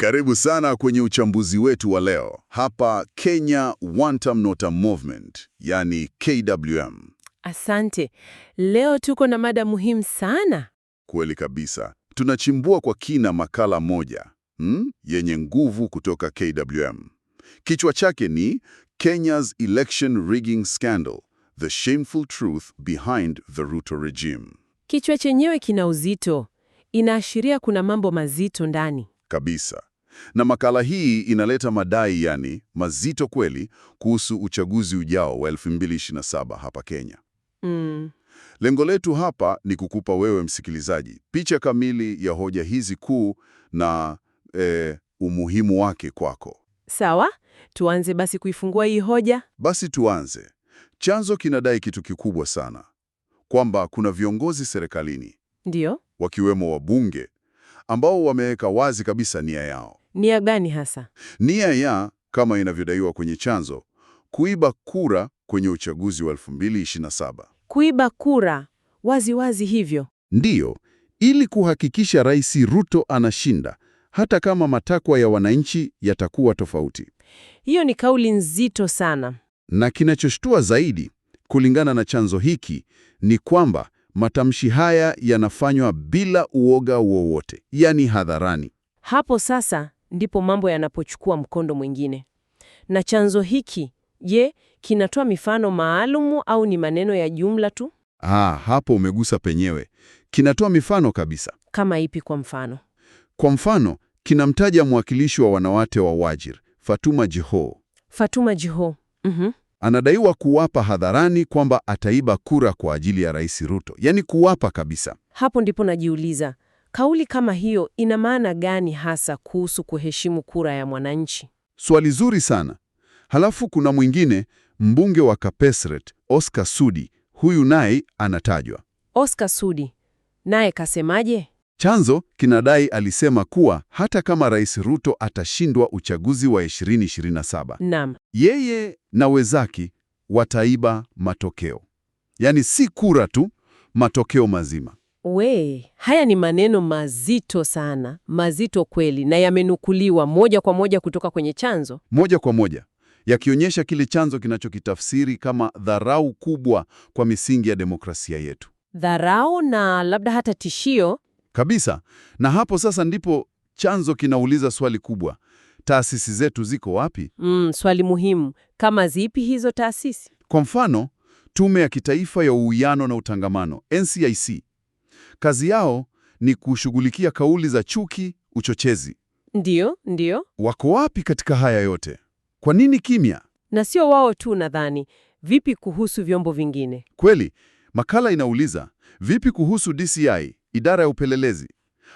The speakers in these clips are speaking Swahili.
Karibu sana kwenye uchambuzi wetu wa leo hapa Kenya Wantam Notam Movement, yani KWM. Asante. Leo tuko na mada muhimu sana. Kweli kabisa, tunachimbua kwa kina makala moja hmm, yenye nguvu kutoka KWM. Kichwa chake ni Kenya's Election Rigging Scandal, the shameful truth behind the Ruto regime. Kichwa chenyewe kina uzito, inaashiria kuna mambo mazito ndani kabisa na makala hii inaleta madai yani mazito kweli kuhusu uchaguzi ujao wa 2027 hapa Kenya. Mm. Lengo letu hapa ni kukupa wewe msikilizaji picha kamili ya hoja hizi kuu na e, umuhimu wake kwako. Sawa, tuanze basi kuifungua hii hoja. Basi tuanze. Chanzo kinadai kitu kikubwa sana, kwamba kuna viongozi serikalini, ndio, wakiwemo wabunge ambao wameweka wazi kabisa nia yao. Nia gani hasa? Nia ya kama inavyodaiwa kwenye chanzo, kuiba kura kwenye uchaguzi wa 2027. Kuiba kura waziwazi wazi hivyo? Ndiyo, ili kuhakikisha Rais Ruto anashinda hata kama matakwa ya wananchi yatakuwa tofauti. Hiyo ni kauli nzito sana. Na kinachoshtua zaidi kulingana na chanzo hiki ni kwamba Matamshi haya yanafanywa bila uoga wowote, yani hadharani. Hapo sasa ndipo mambo yanapochukua mkondo mwingine. Na chanzo hiki, je, kinatoa mifano maalumu au ni maneno ya jumla tu? Ah, hapo umegusa penyewe. Kinatoa mifano kabisa. Kama ipi kwa mfano? Kwa mfano, kinamtaja mwakilishi wa wanawake wa Wajir, Fatuma Jiho. Fatuma Jiho. Mhm. Anadaiwa kuwapa hadharani kwamba ataiba kura kwa ajili ya Rais Ruto, yaani kuwapa kabisa. Hapo ndipo najiuliza, kauli kama hiyo ina maana gani hasa kuhusu kuheshimu kura ya mwananchi? Swali zuri sana. Halafu kuna mwingine, mbunge wa Kapesret, Oscar Sudi. Huyu naye anatajwa. Oscar Sudi naye kasemaje? Chanzo kinadai alisema kuwa hata kama Rais Ruto atashindwa uchaguzi wa 2027. Naam. Yeye na wenzake wataiba matokeo, yaani si kura tu, matokeo mazima. We, haya ni maneno mazito sana, mazito kweli, na yamenukuliwa moja kwa moja kutoka kwenye chanzo, moja kwa moja yakionyesha kile chanzo kinachokitafsiri kama dharau kubwa kwa misingi ya demokrasia yetu. Dharau na labda hata tishio kabisa. Na hapo sasa ndipo chanzo kinauliza swali kubwa. Taasisi zetu ziko wapi? Mm, swali muhimu. Kama zipi hizo taasisi? Kwa mfano, Tume ya Kitaifa ya Uwiano na Utangamano, NCIC. Kazi yao ni kushughulikia kauli za chuki, uchochezi. ndio ndiyo. Wako wapi katika haya yote? Kwa nini kimya? Na sio wao tu nadhani. Vipi kuhusu vyombo vingine? Kweli, makala inauliza, vipi kuhusu DCI, idara ya upelelezi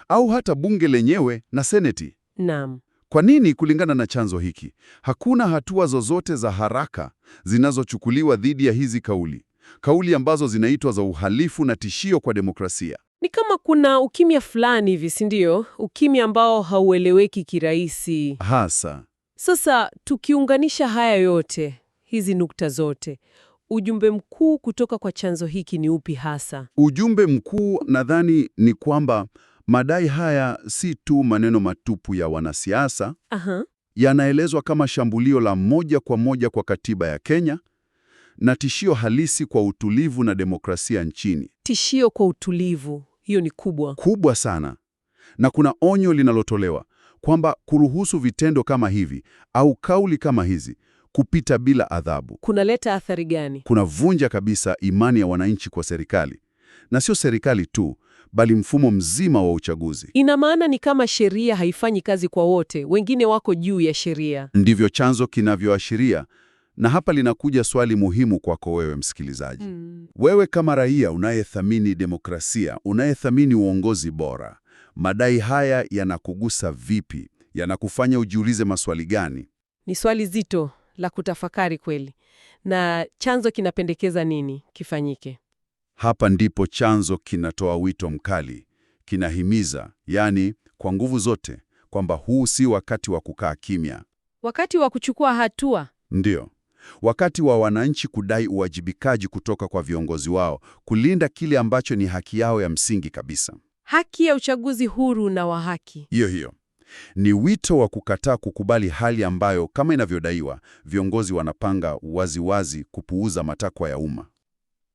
au hata bunge lenyewe na seneti. Naam. Kwa nini, kulingana na chanzo hiki, hakuna hatua zozote za haraka zinazochukuliwa dhidi ya hizi kauli kauli ambazo zinaitwa za uhalifu na tishio kwa demokrasia? Ni kama kuna ukimya fulani hivi, si ndio? Ukimya ambao haueleweki kirahisi hasa. Sasa tukiunganisha haya yote, hizi nukta zote ujumbe mkuu kutoka kwa chanzo hiki ni upi hasa? Ujumbe mkuu nadhani ni kwamba madai haya si tu maneno matupu ya wanasiasa. Aha. Yanaelezwa kama shambulio la moja kwa moja kwa katiba ya Kenya na tishio halisi kwa utulivu na demokrasia nchini. Tishio kwa utulivu, hiyo ni kubwa. Kubwa sana. Na kuna onyo linalotolewa kwamba kuruhusu vitendo kama hivi au kauli kama hizi kupita bila adhabu kunaleta athari gani? Kunavunja kabisa imani ya wananchi kwa serikali, na sio serikali tu, bali mfumo mzima wa uchaguzi. Ina maana ni kama sheria haifanyi kazi kwa wote, wengine wako juu ya sheria, ndivyo chanzo kinavyoashiria. Na hapa linakuja swali muhimu kwako wewe msikilizaji. Mm. Wewe kama raia unayethamini demokrasia, unayethamini uongozi bora, madai haya yanakugusa vipi? Yanakufanya ujiulize maswali gani? Ni swali zito la kutafakari kweli. Na chanzo kinapendekeza nini kifanyike? Hapa ndipo chanzo kinatoa wito mkali, kinahimiza, yaani kwa nguvu zote, kwamba huu si wakati wa kukaa kimya, wakati wa kuchukua hatua. Ndiyo, wakati wa wananchi kudai uwajibikaji kutoka kwa viongozi wao, kulinda kile ambacho ni haki yao ya msingi kabisa, haki ya uchaguzi huru na wa haki. Hiyo hiyo. Ni wito wa kukataa kukubali hali ambayo, kama inavyodaiwa, viongozi wanapanga waziwazi kupuuza matakwa ya umma.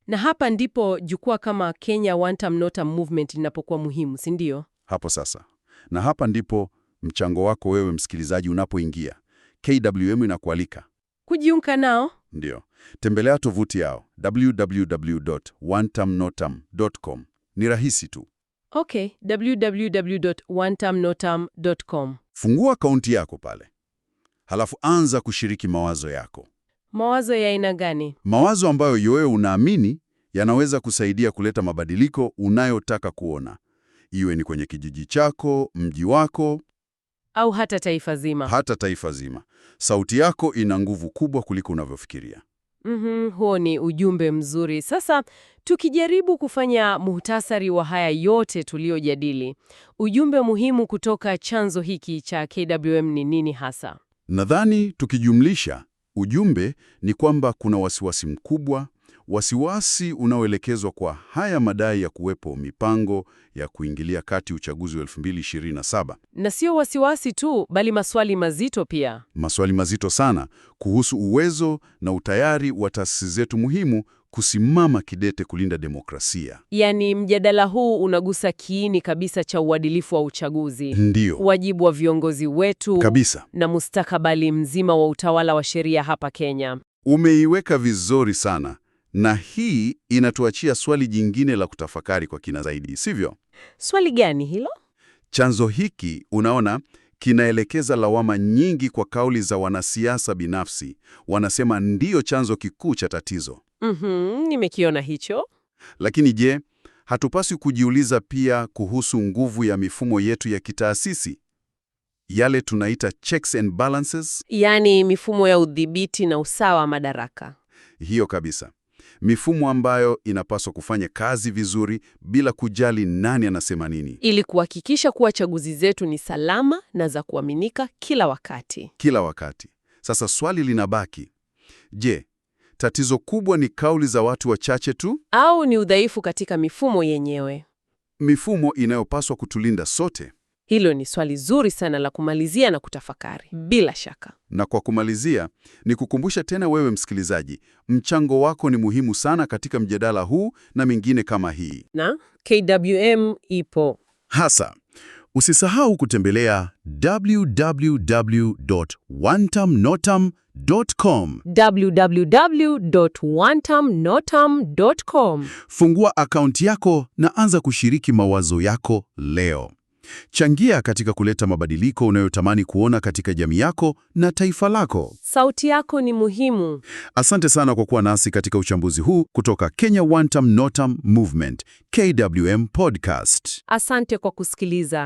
Na hapa ndipo jukwaa kama Kenya Wantam Time Movement linapokuwa muhimu, si ndio? Hapo sasa. Na hapa ndipo mchango wako wewe msikilizaji unapoingia. KWM inakualika kujiunga nao. Ndio, tembelea tovuti yao www.wantamnotam.com. Ni rahisi tu. Okay, www.onetermnoterm.com. Fungua akaunti yako pale, halafu anza kushiriki mawazo yako. Mawazo ya aina gani? Mawazo ambayo wewe unaamini yanaweza kusaidia kuleta mabadiliko unayotaka kuona, iwe ni kwenye kijiji chako, mji wako, au hata taifa zima. Hata taifa zima. Sauti yako ina nguvu kubwa kuliko unavyofikiria. Mm -hmm, huo ni ujumbe mzuri. Sasa tukijaribu kufanya muhtasari wa haya yote tuliyojadili, ujumbe muhimu kutoka chanzo hiki cha KWM ni nini hasa? Nadhani tukijumlisha, ujumbe ni kwamba kuna wasiwasi mkubwa, Wasiwasi unaoelekezwa kwa haya madai ya kuwepo mipango ya kuingilia kati uchaguzi wa 2027. Na sio wasiwasi tu, bali maswali mazito pia. Maswali mazito sana kuhusu uwezo na utayari wa taasisi zetu muhimu kusimama kidete kulinda demokrasia. Yaani, mjadala huu unagusa kiini kabisa cha uadilifu wa uchaguzi. Ndiyo. Wajibu wa viongozi wetu. Kabisa. Na mustakabali mzima wa utawala wa sheria hapa Kenya. Umeiweka vizuri sana. Na hii inatuachia swali jingine la kutafakari kwa kina zaidi, sivyo? Swali gani hilo? Chanzo hiki unaona kinaelekeza lawama nyingi kwa kauli za wanasiasa binafsi. Wanasema ndiyo chanzo kikuu cha tatizo. Mm -hmm, nimekiona hicho. Lakini je, hatupaswi kujiuliza pia kuhusu nguvu ya mifumo yetu ya kitaasisi, yale tunaita checks and balances, yaani mifumo ya udhibiti na usawa wa madaraka? Hiyo kabisa mifumo ambayo inapaswa kufanya kazi vizuri bila kujali nani anasema nini, ili kuhakikisha kuwa chaguzi zetu ni salama na za kuaminika kila wakati, kila wakati. Sasa swali linabaki, je, tatizo kubwa ni kauli za watu wachache tu au ni udhaifu katika mifumo yenyewe, mifumo inayopaswa kutulinda sote? Hilo ni swali zuri sana la kumalizia na kutafakari, bila shaka. Na kwa kumalizia, ni kukumbusha tena wewe msikilizaji, mchango wako ni muhimu sana katika mjadala huu na mingine kama hii, na KWM ipo hasa. Usisahau kutembelea www.wantamnotam.com, www.wantamnotam.com. Fungua akaunti yako na anza kushiriki mawazo yako leo. Changia katika kuleta mabadiliko unayotamani kuona katika jamii yako na taifa lako. Sauti yako ni muhimu. Asante sana kwa kuwa nasi katika uchambuzi huu kutoka Kenya Wantam Notam Movement KWM Podcast. Asante kwa kusikiliza.